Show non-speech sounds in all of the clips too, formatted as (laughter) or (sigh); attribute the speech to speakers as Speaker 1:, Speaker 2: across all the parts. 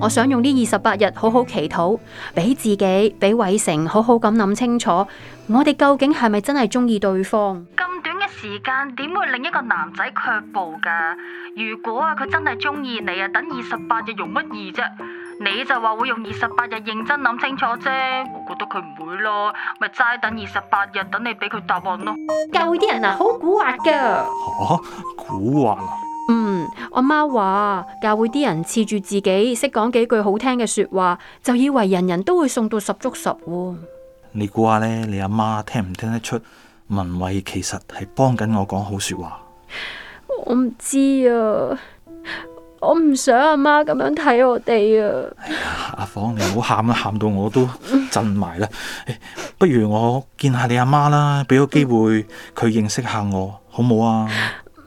Speaker 1: 我想用呢二十八日好好祈禱，俾自己，俾偉成好好咁諗清楚，我哋究竟係咪真係中意對方？咁短嘅時間，點會令一個男仔卻步噶？如果啊，佢真係中意你啊，等二十八日容乜易啫？你就話會用二十八日認真諗清楚啫，我覺得佢唔會咯，咪齋等二十八日等你俾佢答案咯、啊嗯。教會啲人啊，好
Speaker 2: 蠱惑噶
Speaker 3: 吓蠱惑啊，嗯，
Speaker 1: 阿媽話教會啲人恃住自己識講幾句好聽嘅說話，就以為人人都會送到十足十。
Speaker 3: 你估下咧，你阿媽聽唔聽得出文慧其實係幫緊我講好說話？
Speaker 1: 我唔知啊。我唔想阿媽咁樣睇我哋啊。哎
Speaker 3: 呀！阿芳，你好喊啊，喊到我都震埋啦。哎。不如我見下你阿媽啦，俾個機會佢認識下我，好冇啊？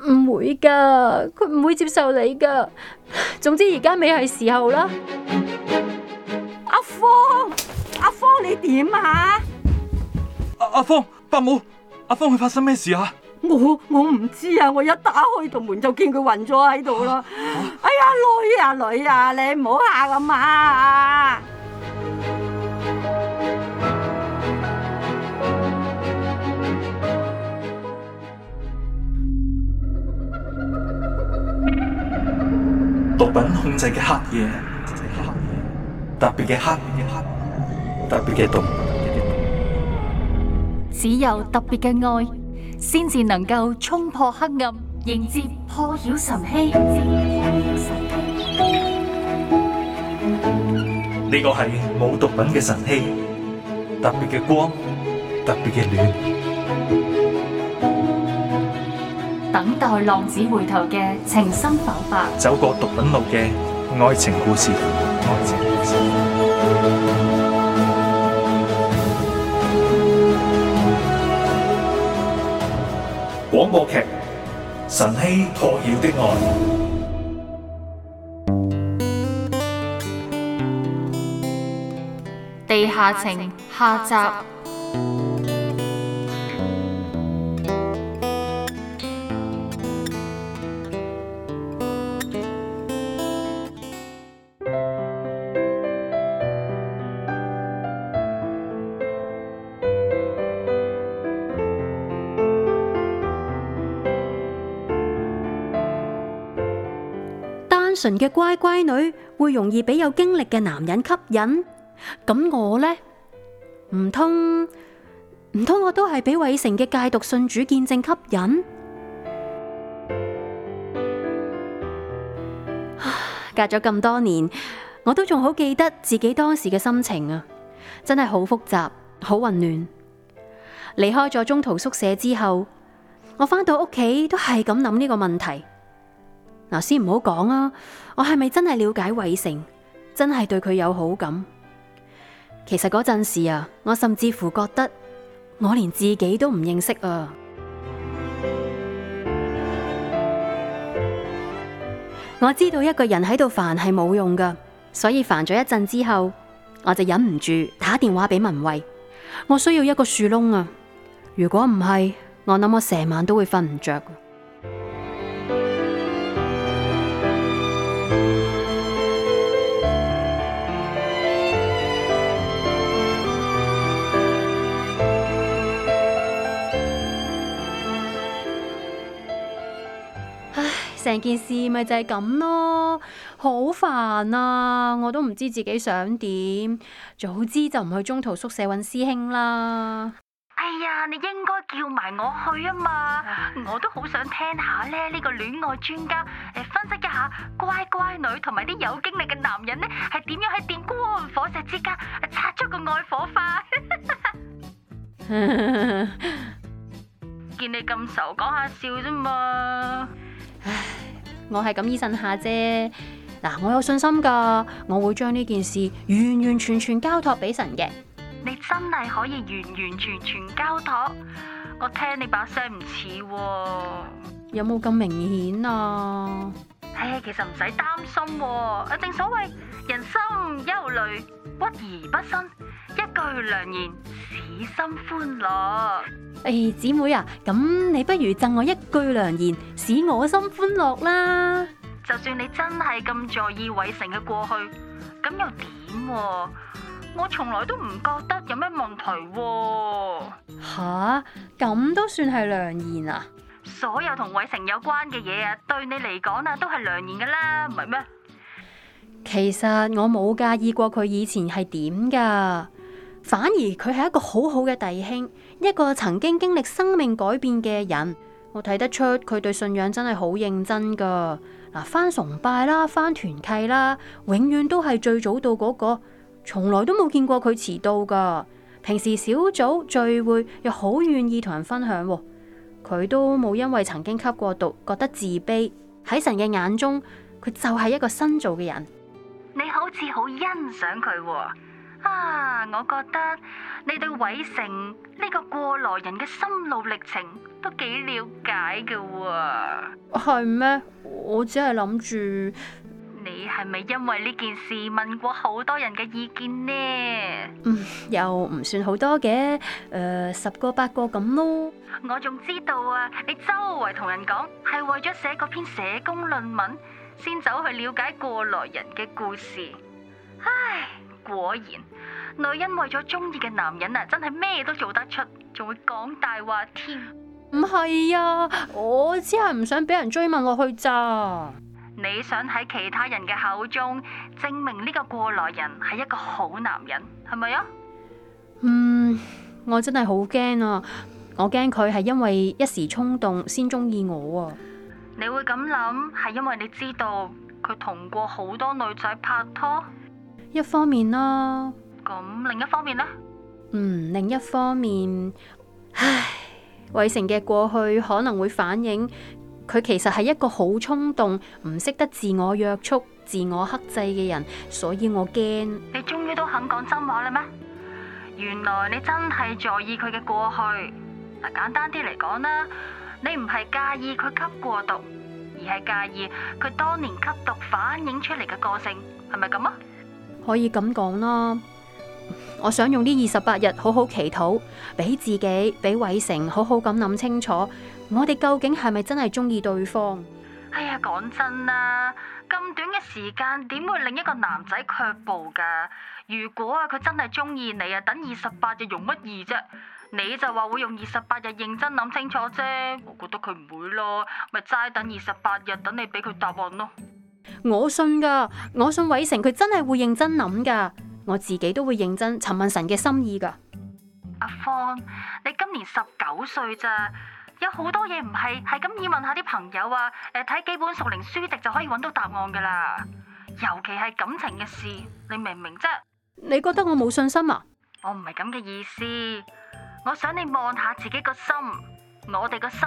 Speaker 1: 唔會噶，佢唔會接受你噶。總之而家未係時候
Speaker 2: 啦。嗯。阿芳，阿芳你點啊？阿、
Speaker 3: 啊、阿芳，伯母，阿芳佢發生咩事啊？
Speaker 2: 我我唔知啊！我一打開道門就見佢暈咗喺度咯！哎呀女啊女啊，你唔好嚇阿媽啊！
Speaker 3: 毒品控制嘅黑夜，特別嘅黑夜黑，特別嘅毒。
Speaker 1: 只有特別嘅愛。先至能夠衝破黑暗，迎接破曉晨曦。
Speaker 3: 呢個係冇毒品嘅晨曦，特別嘅光，特別嘅暖。
Speaker 1: 等待浪子回頭嘅情深否發，
Speaker 3: 走過毒品路嘅愛情故事。廣播劇《晨曦托耀的愛》，
Speaker 1: 地下情下集。嘅乖乖女會容易俾有經歷嘅男人吸引，咁我呢？唔通唔通我都係俾偉成嘅戒毒信主見證吸引？隔咗咁多年，我都仲好記得自己當時嘅心情啊，真係好複雜，好混亂。離開咗中途宿舍之後，我返到屋企都係咁諗呢個問題。嗱，先唔好講啊！我係咪真係了解偉成？真係對佢有好感？其實嗰陣時啊，我甚至乎覺得我連自己都唔認識啊！ (music) 我知道一個人喺度煩係冇用噶，所以煩咗一陣之後，我就忍唔住打電話俾文慧。我需要一個樹窿啊！如果唔係，我諗我成晚都會瞓唔着。唉，成件事咪就係咁咯，好煩啊！我都唔知自己想點，早知就唔去中途宿舍揾師兄啦。哎呀，你應該叫埋我去啊嘛！我都好想聽下咧，呢、呢個戀愛專家誒，分析一下乖乖女同埋啲有經歷嘅男人呢係點樣喺電光火石之間擦出個愛火花。
Speaker 2: (laughs) (laughs)
Speaker 1: (laughs) 見你咁愁，講 (laughs) 下笑啫嘛！唉，我係咁依信下啫。嗱，我有信心噶，我會將呢件事完完全全交託俾神嘅。你真係可以完完全全交託，我聽你把聲唔似，有冇咁明顯啊？唉，其實唔使擔心，哦，啊，正所謂人心憂慮，屈而不伸，一句良言使心歡樂。誒、哎，姊妹啊，咁你不如贈我一句良言，使我心歡樂啦。就算你真係咁在意偉成嘅過去，咁又點？我從來都唔覺得有咩問題喎。吓，咁都算係良言啊？所有同偉成有關嘅嘢啊，對你嚟講啊，都係良言噶啦，唔係咩？其實我冇介意過佢以前係點噶，反而佢係一個好好嘅弟兄，一個曾經經歷生命改變嘅人。我睇得出佢對信仰真係好認真噶。嗱，翻崇拜啦，翻團契啦，永遠都係最早到嗰個。從來都冇見過佢遲到噶平時小組聚會又好願意同人分享，佢都冇因為曾經吸過毒覺得自卑。喺神嘅眼中，佢就係一個新造嘅人。你好似好欣賞佢喎。啊！我覺得你對偉成呢個過來人嘅心路歷程都幾了解噶喎。係咩？我只係諗住。你係咪因為呢件事問過好多人嘅意見呢？嗯，又唔算好多嘅，誒，十個八個咁咯。我仲知道啊，你周圍同人講係為咗寫嗰篇社工論文，先走去了解過來人嘅故事。唉，果然女人為咗中意嘅男人啊，真係咩都做得出，仲會講大話添。唔係啊，我只係唔想俾人追問落去咋。你想喺其他人嘅口中證明呢個過來人係一個好男人，係咪啊？嗯，我真係好驚啊！我驚佢係因為一時衝動先中意我啊！你會咁諗係因為你知道佢同過好多女仔拍拖？一方面咯，咁另一方面咧？嗯，另一方面，唉，偉成嘅過去可能會反映。佢其實係一個好衝動、唔識得自我約束、自我克制嘅人，所以我驚。你終於都肯講真話啦咩？原來你真係在意佢嘅過去。嗱，簡單啲嚟講啦，你唔係介意佢吸過毒，而係介意佢當年吸毒反映出嚟嘅個性，係咪咁啊？可以咁講啦。我想用呢二十八日好好祈禱，俾自己，俾偉成好好咁諗清楚。我哋究竟係咪真係中意對方？哎呀，講真啦，咁短嘅時間點會令一個男仔卻步噶？如果啊，佢真係中意你啊，等二十八日容乜易啫？你就話會用二十八日認真諗清楚啫？我覺得佢唔會咯，咪齋等二十八日等你俾佢答案咯。我信噶，我信偉成，佢真係會認真諗噶。我自己都會認真詢問神嘅心意噶。阿芳，你今年十九歲咋？有好多嘢唔係，係咁意問,問下啲朋友啊，誒睇幾本熟齡書籍就可以揾到答案噶啦，尤其係感情嘅事，你明唔明啫？你覺得我冇信心啊？我唔係咁嘅意思，我想你望下自己個心，我哋個心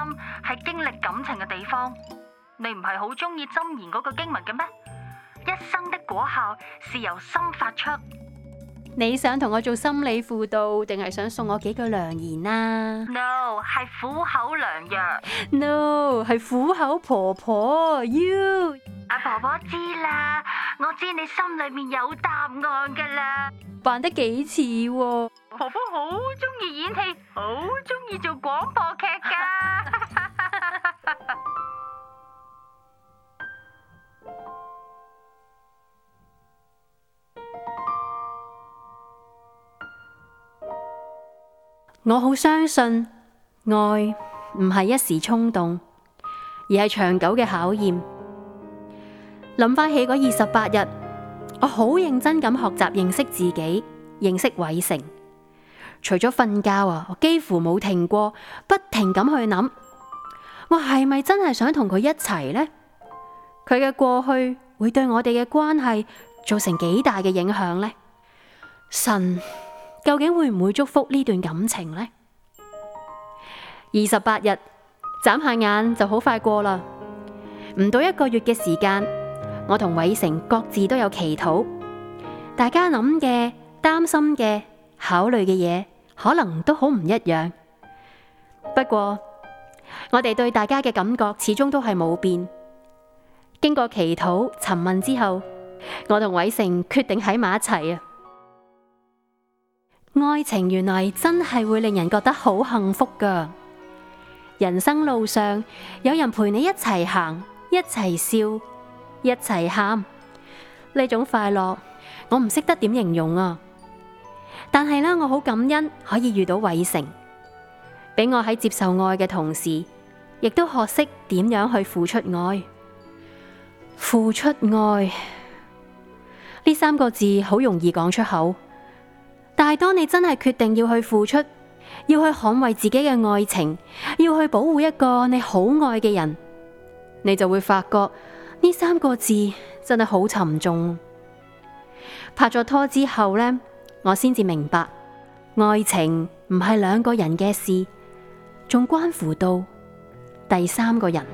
Speaker 1: 係經歷感情嘅地方，你唔係好中意《箴言》嗰句經文嘅咩？一生的果效是由心發出。你想同我做心理輔導，定係想送我幾句良言啊？No，係苦口良藥。No，係苦口婆婆。You，阿婆婆知啦，我知你心裏面有答案噶啦。扮得幾似喎！婆婆好中意
Speaker 2: 演戲，好中意做廣播劇噶。 (laughs)
Speaker 1: 我好相信，愛唔係一時衝動，而係長久嘅考驗。諗翻起嗰二十八日，我好認真咁學習認識自己，認識偉成。除咗瞓覺啊，我幾乎冇停過，不停咁去諗，我係咪真係想同佢一齊呢？佢嘅過去會對我哋嘅關係造成幾大嘅影響呢？神。究竟會唔會祝福呢段感情呢？二十八日，眨下眼就好快過啦，唔到一個月嘅時間，我同偉成各自都有祈禱，大家諗嘅、擔心嘅、考慮嘅嘢，可能都好唔一樣。不過，我哋對大家嘅感覺始終都係冇變。經過祈禱、尋問之後，我同偉成決定喺埋一齊啊！愛情原來真係會令人覺得好幸福噶人生路上有人陪你一齊行，一齊笑，一齊喊，呢種快樂我唔識得點形容啊！但係呢，我好感恩可以遇到偉成，俾我喺接受愛嘅同時，亦都學識點樣去付出愛。付出愛呢三個字好容易講出口。但係當你真係決定要去付出，要去捍衛自己嘅愛情，要去保護一個你好愛嘅人，你就會發覺呢三個字真係好沉重。拍咗拖之後呢，我先至明白，愛情唔係兩個人嘅事，仲關乎到第三個人。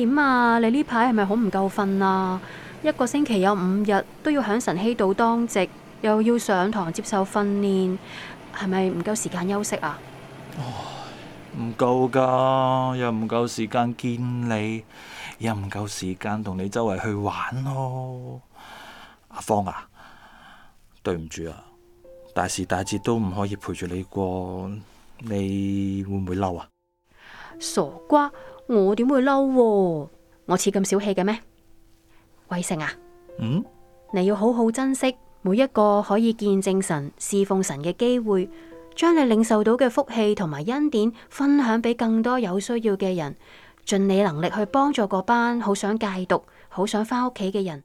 Speaker 1: 點啊！你呢排係咪好唔夠瞓啊？一個星期有五日都要響晨曦度，當值，又要上堂接受訓練，係咪唔夠時間休息啊？
Speaker 3: 唔、哦、夠噶，又唔夠時間見你，又唔夠時間同你周圍去玩咯，阿芳啊，對唔住啊，大時大節都唔可以陪住你過，你會唔會嬲啊？
Speaker 1: 傻瓜！我點會嬲？我似咁小氣嘅咩？偉成啊，嗯，你要好好珍惜每一個可以見證神、侍奉神嘅機會，將你領受到嘅福氣同埋恩典分享俾更多有需要嘅人，盡你能力去幫助嗰班好想戒毒、好想翻屋企嘅人。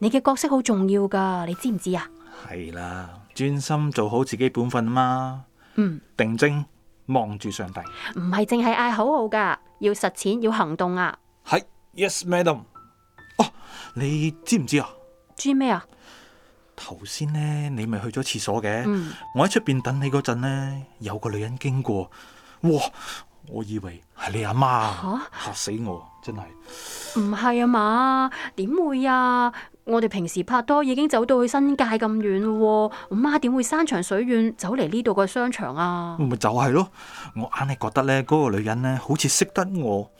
Speaker 1: 你嘅角色好重要噶，你知唔知啊？
Speaker 3: 係啦，專心做好自己本分啊嘛。嗯，定睛望住上帝，
Speaker 1: 唔係淨係嗌口號噶。要實踐，要行動啊！
Speaker 3: 係，Yes，Madam。哦 yes,、啊，你知唔知啊？
Speaker 1: 知咩啊？
Speaker 3: 頭先咧，你咪去咗廁所嘅。嗯、我喺出邊等你嗰陣咧，有個女人經過，哇！我以為係你阿媽，吓、啊、死我，真係。
Speaker 1: 唔係啊嘛？點會啊？我哋平時拍拖已經走到去新界咁遠咯，哦，我媽點會山長水遠走嚟呢度個商場啊？
Speaker 3: 咪就係咯，我硬係覺得呢嗰、嗰個女人呢，好似識得我，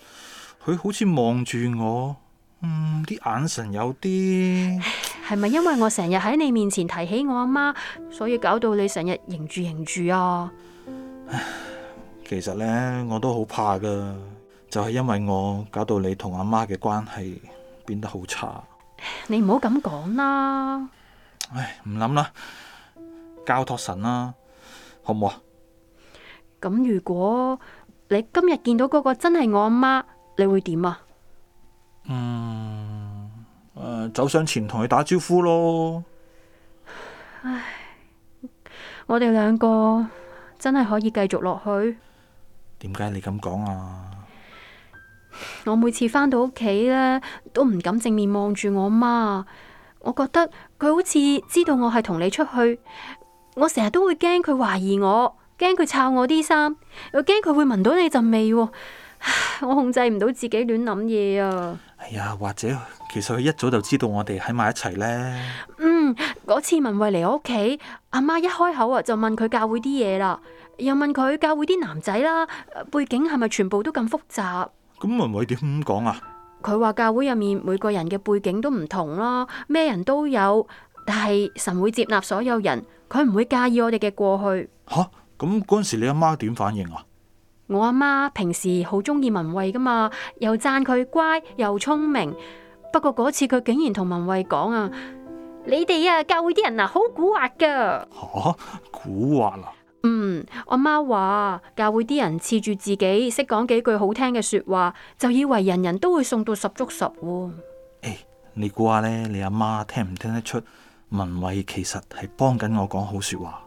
Speaker 3: 佢好似望住我，嗯，啲眼神有啲係
Speaker 1: 咪？ (laughs) 係咪因為我成日喺你面前提起我阿媽，所以搞到你成日凝住凝住啊。
Speaker 3: 其實呢，我都好怕噶，就係、是、因為我搞到你同阿媽嘅關係變得好差。
Speaker 1: 你唔好咁講啦，
Speaker 3: 唉，唔諗啦，交托神啦，好唔好啊？
Speaker 1: 咁如果你今日見到嗰個真係我阿媽，你會點啊？嗯，呃，
Speaker 3: 走上前同佢打招呼咯。唉，
Speaker 1: 我哋兩個真係可以繼續落去？
Speaker 3: 點解你咁講啊？
Speaker 1: 我每次翻到屋企咧，都唔敢正面望住我媽，我覺得佢好似知道我係同你出去，我成日都會驚佢懷疑我，驚佢抄我啲衫，又驚佢會聞到你陣味，我控制唔到自己亂諗嘢啊！哎
Speaker 3: 呀，或者其實佢一早就知道我哋喺埋一齊咧。
Speaker 1: 嗯，嗰次文慧嚟我屋企，阿媽一開口啊就問佢教會啲嘢啦，又問佢教會啲男仔啦，背景係咪全部都咁複雜？
Speaker 3: 咁文慧點講啊？
Speaker 1: 佢話教會入面每個人嘅背景都唔同咯，咩人都有，但係神會接納所有人，佢唔會介意我哋嘅過去。
Speaker 3: 吓，咁嗰陣時，你阿媽點反應啊？
Speaker 1: 我阿媽平時好中意文慧噶嘛，又讚佢乖又聰明，不過嗰次佢竟然同文慧講啊，你哋啊教會啲人啊好蠱惑噶。
Speaker 3: 吓蠱惑啊？
Speaker 1: 嗯，阿媽話教會啲人恃住自己，識講幾句好聽嘅說話，就以為人人都會送到十足十，哦。誒、
Speaker 3: 哎，你估下呢？你阿媽聽唔聽得出？文慧其實係幫緊我講好說話。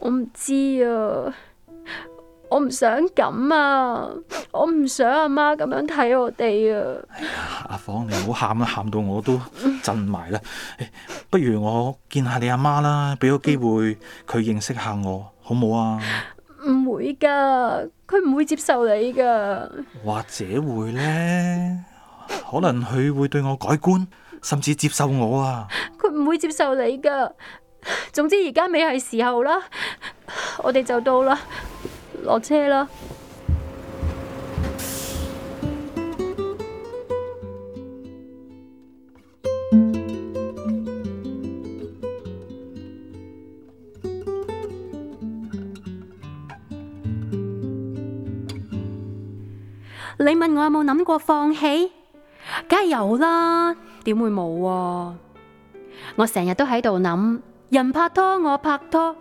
Speaker 1: 我唔知啊，我唔想咁啊，我唔想阿媽咁樣睇我哋啊，哎
Speaker 3: 呀。阿房，你唔好喊啊，喊到我都震埋啦。嗯哎不如我見下你阿媽啦，俾個機會佢認識下我，好冇啊？唔
Speaker 1: 會噶，佢唔會接受你噶。
Speaker 3: 或者會呢？可能佢會對我改觀，甚至接受我啊？
Speaker 1: 佢唔會接受你噶。總之而家未係時候啦，我哋就到啦，落車啦。你問我有冇諗過放棄？梗係有啦，點會冇喎？我成日都喺度諗，人拍拖我拍拖，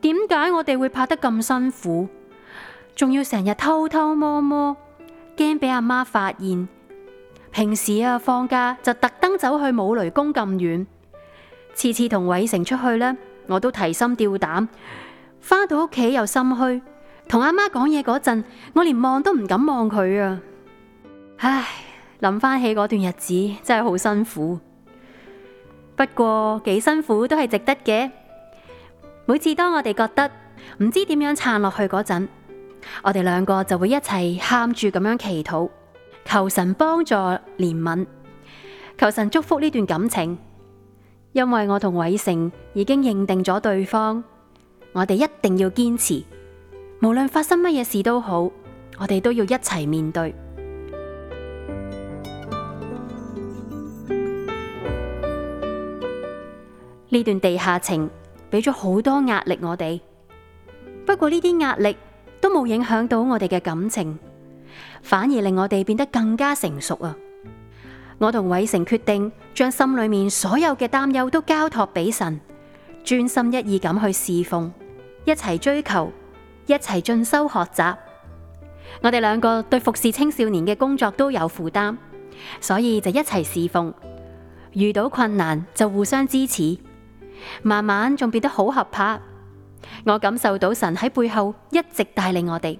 Speaker 1: 點解我哋會拍得咁辛苦？仲要成日偷偷摸摸，驚俾阿媽發現。平時啊放假就特登走去武雷宮咁遠，次次同偉成出去呢，我都提心吊膽，返到屋企又心虛。同阿媽講嘢嗰陣，我連望都唔敢望佢啊！唉，諗翻起嗰段日子真係好辛苦，不過幾辛苦都係值得嘅。每次當我哋覺得唔知點樣撐落去嗰陣，我哋兩個就會一齊喊住咁樣祈禱，求神幫助憐憫，求神祝福呢段感情。因為我同偉成已經認定咗對方，我哋一定要堅持。無論發生乜嘢事都好，我哋都要一齊面對呢段地下情，俾咗好多壓力我哋。不過呢啲壓力都冇影響到我哋嘅感情，反而令我哋變得更加成熟啊！我同偉成決定將心裏面所有嘅擔憂都交託俾神，專心一意咁去侍奉，一齊追求。一齊進修學習，我哋兩個對服侍青少年嘅工作都有負擔，所以就一齊侍奉。遇到困難就互相支持，慢慢仲變得好合拍。我感受到神喺背後一直帶領我哋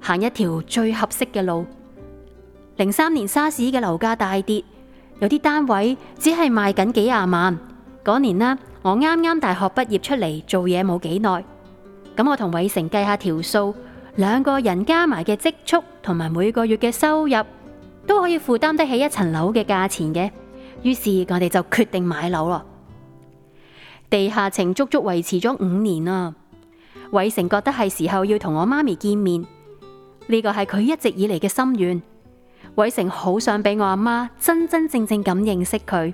Speaker 1: 行一條最合適嘅路。零三年沙士嘅樓價大跌，有啲單位只係賣緊幾廿萬。嗰年呢，我啱啱大學畢業出嚟做嘢冇幾耐。咁我同偉成計下條數，兩個人加埋嘅積蓄同埋每個月嘅收入，都可以負擔得起一層樓嘅價錢嘅。於是我哋就決定買樓咯。地下情足足維持咗五年啦。偉成覺得係時候要同我媽咪見面，呢個係佢一直以嚟嘅心願。偉成好想俾我阿媽真真正正咁認識佢，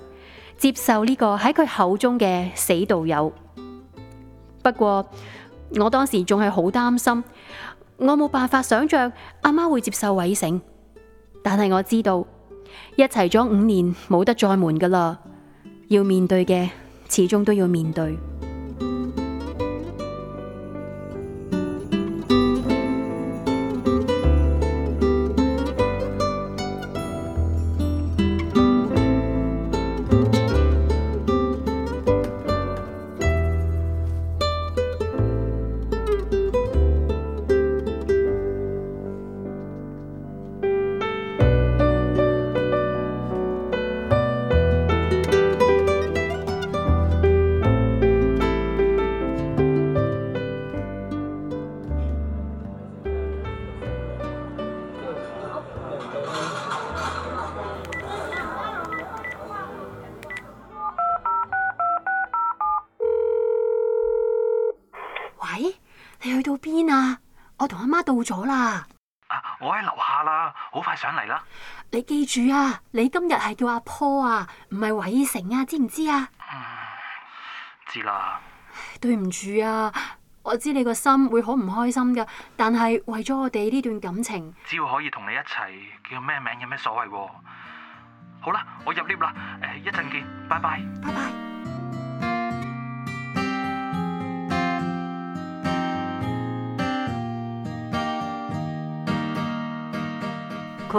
Speaker 1: 接受呢個喺佢口中嘅死道友。不過，我當時仲係好擔心，我冇辦法想象阿媽，媽會接受偉成，但係我知道一齊咗五年，冇得再瞞㗎喇，要面對嘅始終都要面對。係啦，你記住啊，你今日係叫阿坡啊，唔係偉成啊，知唔知啊？嗯，
Speaker 3: 知啦。
Speaker 1: 對唔住啊，我知你個心會好唔開心噶，但係為咗我哋呢段感情，
Speaker 3: 只要可以同你一齊，叫咩名有咩所謂？好啦，我入 lift 啦，誒，一陣見，拜拜，拜拜。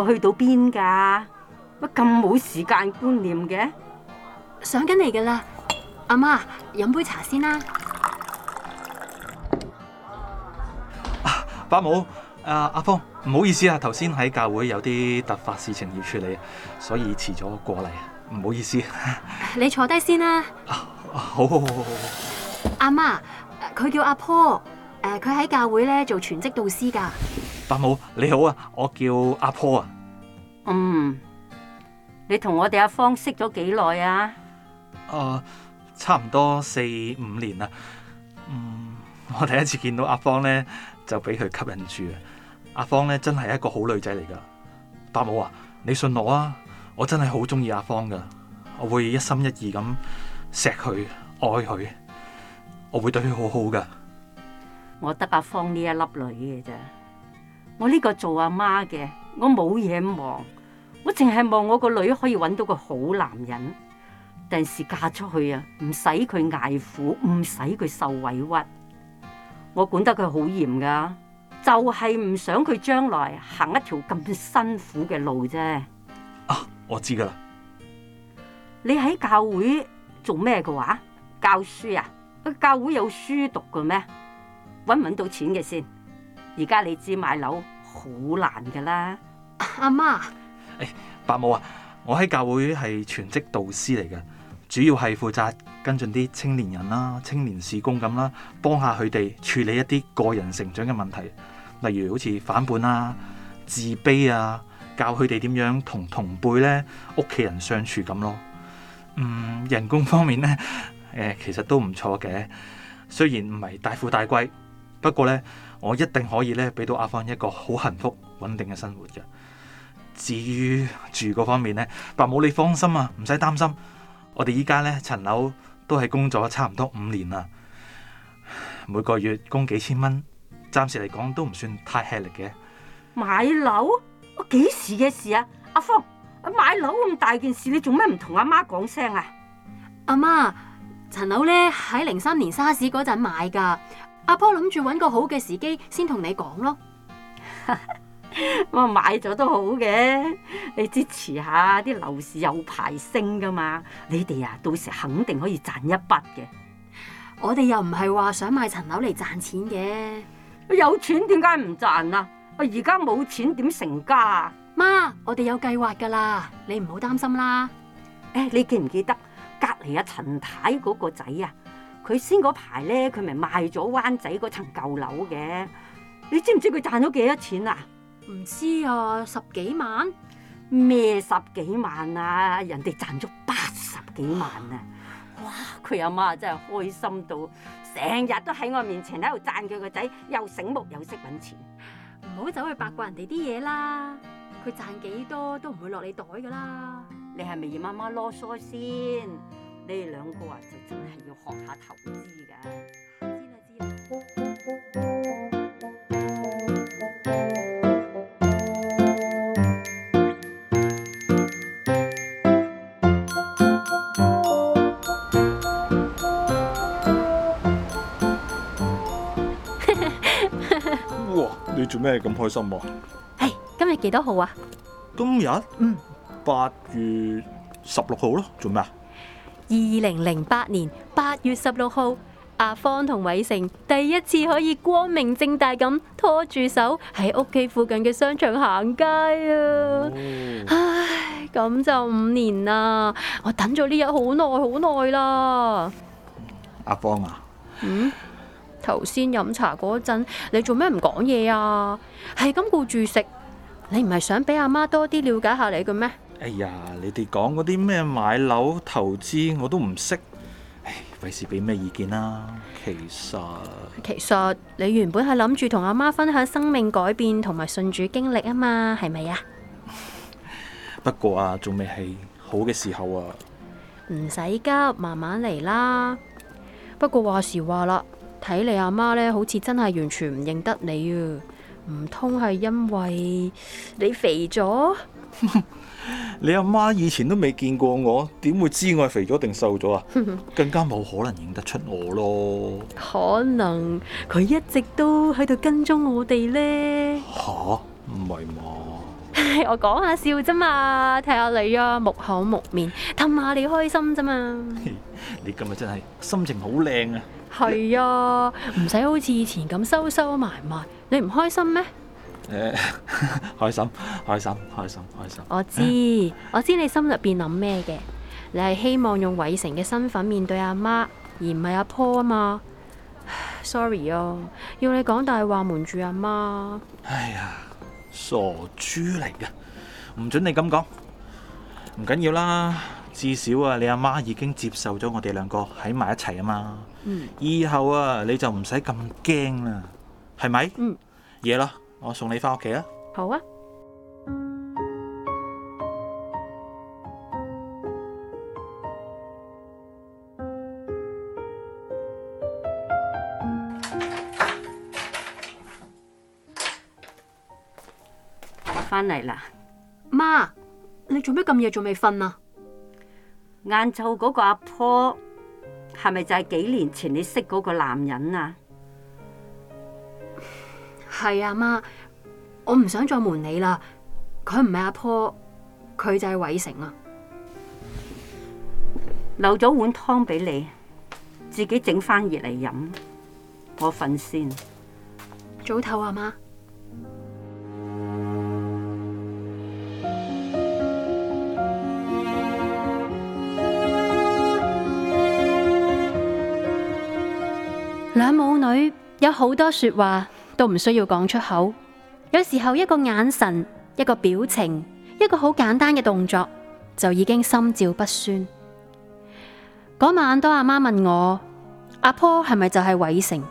Speaker 2: 佢去到邊噶？乜咁冇時間觀念嘅？上緊嚟噶啦，阿媽飲杯茶先啦。
Speaker 3: 阿、啊、伯母，阿阿峰，唔好意思啊，頭先喺教會有啲突發事情要處理，所以遲咗過嚟，唔好意思。
Speaker 1: (laughs) 你坐低先啦。
Speaker 3: 好，好，好，好，
Speaker 1: 阿媽、啊，佢
Speaker 2: 叫阿波，誒、啊，佢喺教會咧做全職導師噶。
Speaker 3: 伯母你好啊，我叫阿婆啊。嗯，
Speaker 2: 你同我哋阿芳識咗幾耐啊？
Speaker 3: 啊，差唔多四五年啦。嗯，我第一次見到阿芳咧，就俾佢吸引住啊。阿芳咧真係一個好女仔嚟噶。伯母啊，你信我啊，我真係好中意阿芳噶，我會一心一意咁錫佢、愛佢，我會對佢好好噶。
Speaker 2: 我得阿芳呢一粒女嘅咋。我呢個做阿媽嘅，我冇嘢望，我淨係望我個女可以揾到個好男人，第時嫁出去啊，唔使佢捱苦，唔使佢受委屈，我管得佢好嚴噶，就係唔想佢將來行一條咁辛苦嘅路啫。
Speaker 3: 啊，我知噶啦，
Speaker 2: 你喺教會做咩嘅話，教書啊？個教會有書讀嘅咩？搵唔搵到錢嘅先？而家你知買樓好難㗎啦，阿媽啊。誒、欸，
Speaker 3: 伯母啊，我喺教會係全職導師嚟嘅，主要係負責跟進啲青年人啦、啊、青年事工咁啦、啊，幫下佢哋處理一啲個人成長嘅問題，例如好似反叛啊、自卑啊，教佢哋點樣同同輩呢、屋企人相處咁咯。嗯，人工方面呢，誒、欸，其實都唔錯嘅，雖然唔係大富大貴，不過呢，我一定可以咧，俾到阿芳一個好幸福穩定嘅生活嘅。至於住嗰方面咧，伯母你放心啊，唔使擔心。我哋依家咧，層樓都係供咗差唔多五年啦，每個月供幾千蚊，暫時嚟講都唔算太吃力嘅。
Speaker 2: 買樓？我幾時嘅事啊？阿芳，買樓咁大件事，你做咩唔同阿媽講
Speaker 1: 聲啊？阿媽，層樓咧喺零三年沙士嗰陣買噶。阿婆諗住搵個好嘅時機先同你講咯，
Speaker 2: 我 (laughs) 買咗都好嘅，你支持下，啲樓市有排升噶嘛，你哋啊，到時肯定可以賺一筆嘅。我哋又唔係話想買層樓嚟賺錢嘅，有錢點解唔賺啊？我而家冇錢點成家啊？媽，我哋有計劃噶啦，你
Speaker 1: 唔好擔心啦。
Speaker 2: 誒、欸，你記唔記得隔籬阿陳太嗰個仔啊？佢先嗰排咧，佢咪賣咗灣仔嗰層舊樓嘅，你知唔知佢賺咗幾多錢啊？唔知啊，十幾萬？咩十幾萬啊？人哋賺咗八十幾萬啊！哇，佢阿媽真係開心到，成日都喺我面前喺度讚佢個仔，又醒目又識揾錢。唔好走去八卦人哋啲嘢啦，佢賺幾多都唔會落你袋㗎啦。你係咪要媽媽囉嗦先？你哋兩個啊，就真係要學下投資㗎。知啦知
Speaker 3: 啦。哇！你做咩咁開心啊？
Speaker 1: 係今日幾多號啊？
Speaker 3: 今日？嗯，八月十六號咯。做咩啊？
Speaker 1: 二零零八年八月十六號，阿芳同偉成第一次可以光明正大咁拖住手喺屋企附近嘅商場行街啊！哦、唉，咁就五年啦，我等咗呢日好耐好耐啦。
Speaker 3: 阿芳啊，嗯，
Speaker 1: 頭先飲茶嗰陣，你做咩唔講嘢啊？係咁顧住食，你唔係想俾阿媽多啲了解下你嘅咩？
Speaker 3: 哎呀，你哋講嗰啲咩買樓投資我都唔識，費事俾咩意見啦，啊。其實
Speaker 1: 其實你原本係諗住同阿媽分享生命改變同埋信主經歷啊嘛，係咪啊？
Speaker 3: (laughs) 不過啊，仲未係好嘅時候啊，
Speaker 1: 唔使急，慢慢嚟啦。不過話時話啦，睇你阿媽呢，好似真係完全唔認得你啊，唔通係因為你肥咗？
Speaker 3: (laughs) 你阿媽以前都未見過我，點會知我肥咗定瘦咗啊？更加冇可能認得出我咯。
Speaker 1: 可能佢一直都喺度跟蹤我哋咧。吓，
Speaker 3: 唔係嘛？
Speaker 1: 我講下笑啫嘛，睇下你啊，木口木面，氹下你開心啫嘛。
Speaker 3: (laughs) 你今日真係心情好靚啊！
Speaker 1: 係啊，唔使好似以前咁收收埋埋，埋，你唔開心咩？
Speaker 3: 誒，uh, (laughs) 開心，開心，開心，開心。
Speaker 1: 我知， (laughs) 我知你心入邊諗咩嘅。你係希望用偉成嘅身份面對阿媽，而唔係阿婆啊嘛。Sorry 哦，要你講大話瞞住阿媽。哎呀，
Speaker 3: 傻豬嚟嘅，唔准你咁講。唔緊要啦，至少啊，你阿媽已經接受咗我哋兩個喺埋一齊啊嘛。
Speaker 1: 嗯。
Speaker 3: 以後啊，你就唔使咁驚啦，係咪？嗯。嘢咯。我送你返屋企啦。
Speaker 1: 好啊。
Speaker 2: 我返嚟啦，媽，你做咩咁夜仲未瞓啊？晏晝嗰個阿婆係咪就係幾年前你識嗰個男人啊？
Speaker 1: 係阿媽，我唔想再瞞你啦。
Speaker 2: 佢唔係阿婆，佢就係偉成啊。留咗碗湯俾你，自己整翻熱嚟飲。我瞓先。早唞阿媽。
Speaker 1: 兩母女有好多說話。都唔需要講出口，有時候一個眼神、一個表情、一個好簡單嘅動作，就已經心照不宣。嗰晚，當阿媽問我阿婆係咪就係偉成，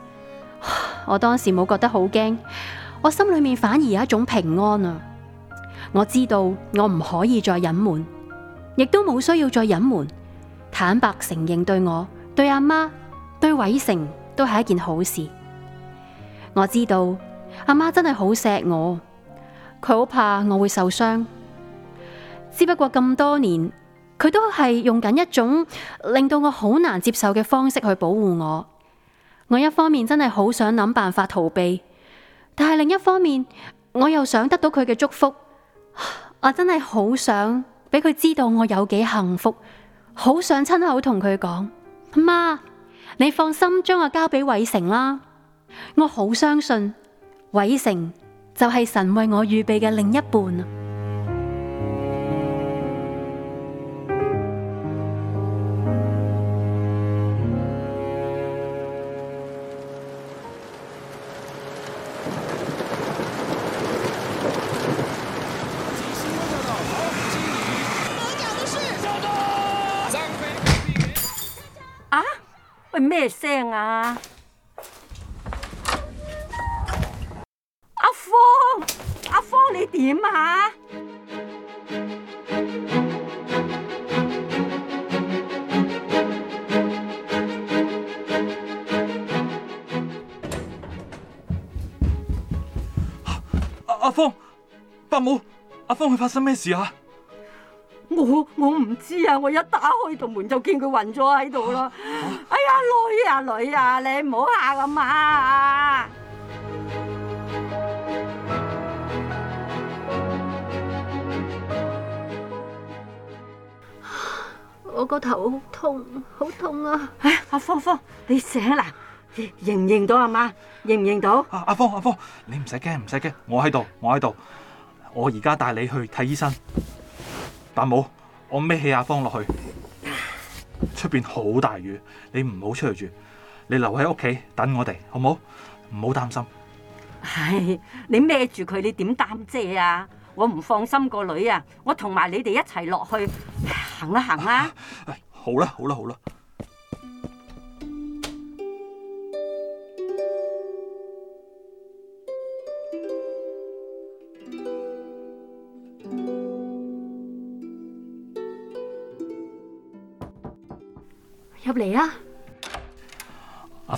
Speaker 1: 我當時冇覺得好驚，我心裏面反而有一種平安啊！我知道我唔可以再隱瞞，亦都冇需要再隱瞞，坦白承認對我、對阿媽、對偉成都係一件好事。我知道阿媽真係好錫我，佢好怕我會受傷。只不過咁多年，佢都係用緊一種令到我好難接受嘅方式去保護我。我一方面真係好想諗辦法逃避，但係另一方面我又想得到佢嘅祝福。我真係好想俾佢知道我有幾幸福，好想親口同佢講：阿媽，你放心將我交俾偉成啦。我好相信偉成就係神為我預備嘅另一半。
Speaker 2: 啊？喂，咩聲啊？
Speaker 3: 幫佢發生咩事啊？
Speaker 2: 我我唔知啊！我一打開道門就見佢暈咗喺度啦！哎呀女啊女啊，你唔好嚇阿媽啊！我個頭好痛好痛啊！哎，阿芳芳，你醒啦？認唔認到阿媽？認唔認到？阿阿芳阿芳，
Speaker 3: 你唔使驚唔使驚，我喺度我喺度。我而家帶你去睇醫生，但冇我孭起阿芳落去，出邊好大雨，你唔好出去住，你留喺屋企等我哋，好唔好？唔好擔心。
Speaker 2: 唉、哎，你孭住佢，你點擔遮啊？我唔放心個女啊，我同埋你哋一齊落去，唉行啦、啊、行啦、啊啊
Speaker 3: 哎。好啦好啦好啦。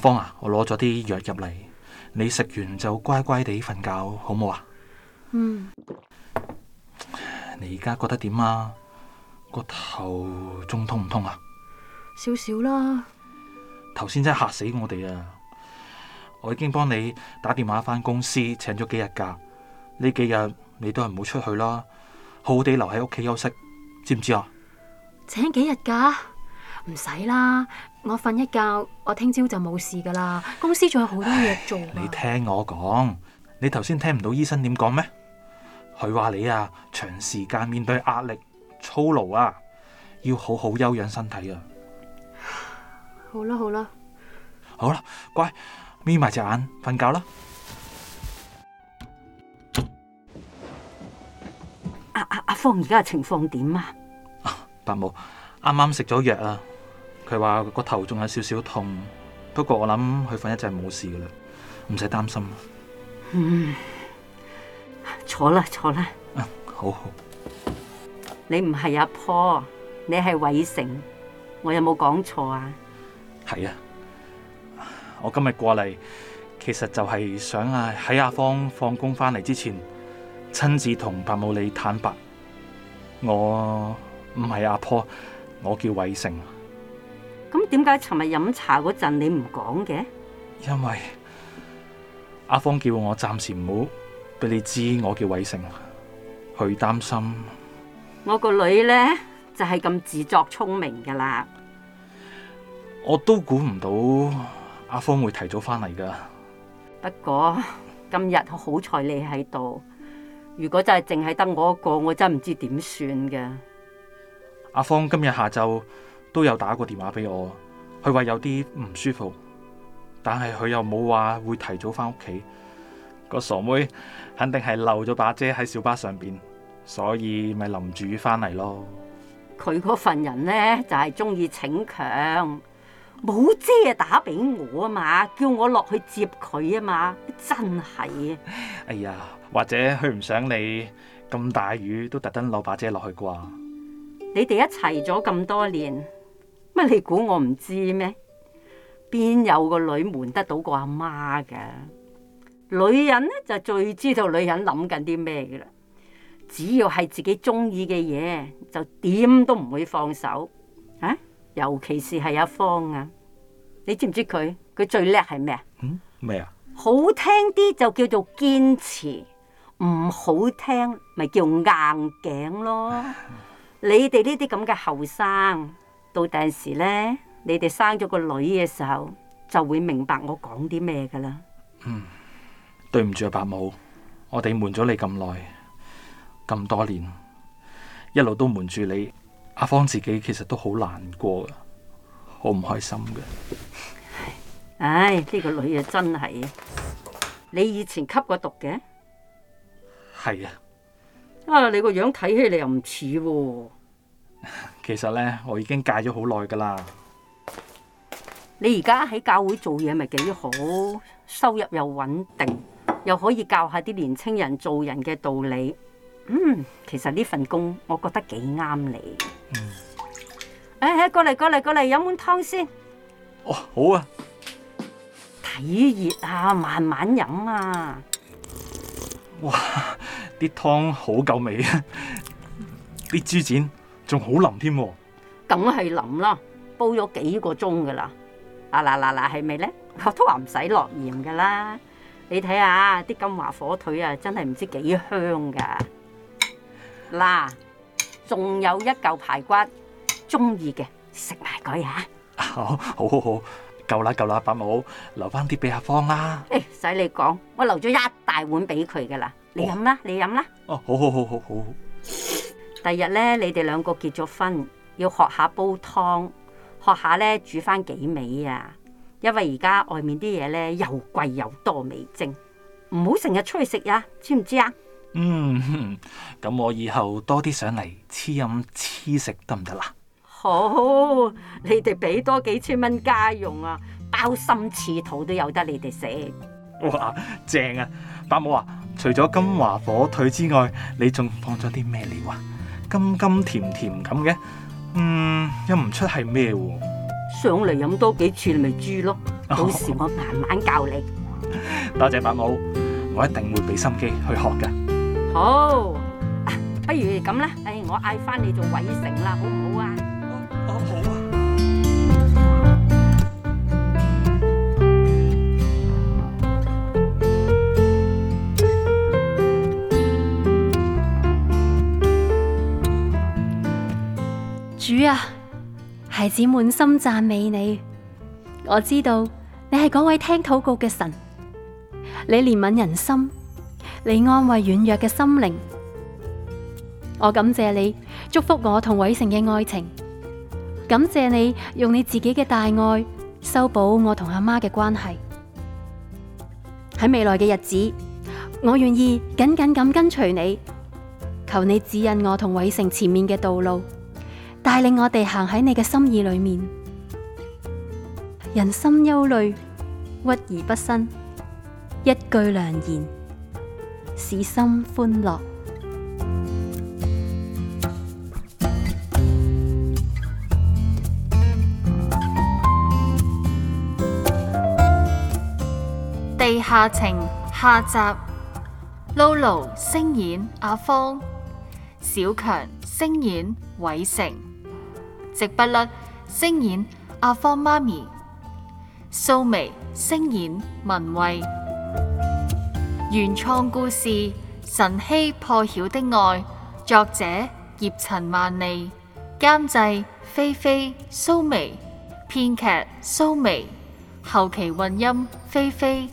Speaker 3: 芳啊，我攞咗啲藥入嚟，你食完就乖乖地瞓覺，好冇啊？嗯。你而家覺得點啊？個頭仲痛唔痛啊？
Speaker 1: 少少啦。
Speaker 3: 頭先真係嚇死我哋啊！我已經幫你打電話翻公司，請咗幾日假，呢幾日你都係唔好出去啦，好好地留喺屋企休息，知唔知啊？請幾日假？
Speaker 1: 唔使啦。我瞓一覺，我聽朝就冇事噶啦。公司仲有好多嘢做。你
Speaker 3: 聽我講，你頭先聽唔到醫生點講咩？佢話你啊，長時間面對壓力、操勞啊，要好好休養身體啊。
Speaker 1: 好啦，好啦，
Speaker 3: 好啦，乖，眯埋隻眼瞓覺啦。
Speaker 2: 阿阿阿芳而家嘅情況點啊？
Speaker 3: 伯母，啱啱食咗藥啊。佢話個頭仲有少少痛，不過我諗佢瞓一陣冇事噶啦，唔使擔心。嗯，坐啦坐啦。好好，
Speaker 2: 你唔係阿婆，你係偉成，我有冇講錯啊？
Speaker 3: 係啊，我今日過嚟其實就係想啊喺阿芳放工翻嚟之前，親自同伯母你坦白，我唔係阿婆，我叫偉成。
Speaker 2: 咁點解尋日飲茶嗰陣你唔講嘅？
Speaker 3: 因為阿芳叫我暫時唔好俾你知我叫偉成。佢擔心。
Speaker 2: 我個女呢，就係咁自作聰明噶啦。
Speaker 3: 我都估唔到阿芳會提早返嚟噶。
Speaker 2: 不過今日好彩你喺度，如果真係淨係得我一個，我真唔知點算嘅。
Speaker 3: 阿芳今日下晝都有打過電話俾我，佢話有啲唔舒服，但係佢又冇話會提早翻屋企。個傻妹肯定係漏咗把遮喺小巴上邊，所以咪淋住雨翻嚟咯。
Speaker 2: 佢嗰份人呢，就係中意逞強，冇遮打俾我啊嘛，叫我落去接佢啊嘛，真係。
Speaker 3: 哎呀，或者佢唔想你咁大雨都特登攞把遮落去啩？
Speaker 2: 你哋一齊咗咁多年。乜你估我唔知咩？邊有個女瞞得到個阿媽㗎？女人咧就最知道女人諗緊啲咩嘅啦。只要係自己中意嘅嘢，就點都唔會放手啊。尤其是係阿芳啊，你知唔知佢佢最叻係咩啊？嗯，咩啊？好聽啲就叫做堅持，唔好聽咪叫硬頸咯。 (laughs) 你哋呢啲咁嘅後生。到第時咧，你哋生咗個女嘅時候，就會明白我講啲咩噶啦。嗯，
Speaker 3: 對唔住啊，伯母，我哋瞞咗你咁耐，咁多年，一路都瞞住你。阿芳自己其實都好難過噶，好唔開心嘅。
Speaker 2: 唉，呢個女啊真係，你以前吸過毒嘅？
Speaker 3: 係
Speaker 2: 啊。啊，你個樣睇起嚟又唔似喎。
Speaker 3: 其實呢，我已經戒咗好耐噶啦。
Speaker 2: 你而家喺教會做嘢咪幾好，收入又穩定，又可以教下啲年輕人做人嘅道理。嗯，其實呢份工我覺得幾啱你。嗯。誒、哎，過嚟過嚟過嚟，飲碗湯先。哦，好啊。體熱啊，慢慢飲啊。
Speaker 3: 哇，啲湯好夠味啊！啲豬展。仲好腍添喎。
Speaker 2: 梗係腍啦，煲咗幾個鐘噶啦，啊嗱嗱嗱，係咪咧？我都話唔使落鹽噶啦，你睇下啲金華火腿啊，真係唔知幾香噶，嗱，仲有一嚿排骨，中意嘅食埋佢啊！好，
Speaker 3: 好好好，夠啦夠啦，伯母留翻啲俾阿芳啦，
Speaker 2: 誒，使你講？我留咗一大碗俾佢噶啦，你飲啦，你飲啦，
Speaker 3: 哦，好好好好好。
Speaker 2: 第日咧，你哋兩個結咗婚，要學下煲湯，學下咧煮翻幾味啊！因為而家外面啲嘢咧又貴又多味精，唔好成日出去食啊，知唔知啊？嗯，
Speaker 3: 咁我以後多啲上嚟黐飲黐食得唔得啦？
Speaker 2: 吃吃行行好，你哋俾多幾千蚊家用啊，包心似肚都有得你哋食
Speaker 3: 哇！正啊，伯母啊，除咗金華火腿之外，你仲放咗啲咩料啊？甘甘甜甜咁嘅，嗯，飲唔出係咩喎？
Speaker 2: 上嚟飲多幾次，你咪知咯，
Speaker 3: 到時我慢慢教你。多謝伯母，我一定會俾心機去學噶。
Speaker 2: 好，不如咁啦，哎，我嗌翻你做偉成啦，好唔好啊？
Speaker 1: 主啊，孩子滿心讚美你。我知道你係嗰位聽禱告嘅神，你憐憫人心，你安慰軟弱嘅心靈。我感謝你祝福我同偉成嘅愛情。感謝你用你自己嘅大愛修補我同阿媽嘅關係。喺未來嘅日子，我願意緊緊咁跟隨你。求你指引我同偉成前面嘅道路。帶領我哋行喺你嘅心意裏面，人心憂慮屈而不伸，一句良言使心歡樂。地下情下集，Lulu 聲演阿芳，小強聲演偉成。直不甩，聲演阿方媽咪；蘇眉聲演文慧。原創故事《晨曦破曉的愛》，作者葉塵萬里，監製菲菲、蘇眉，編劇蘇眉，後期混音菲菲。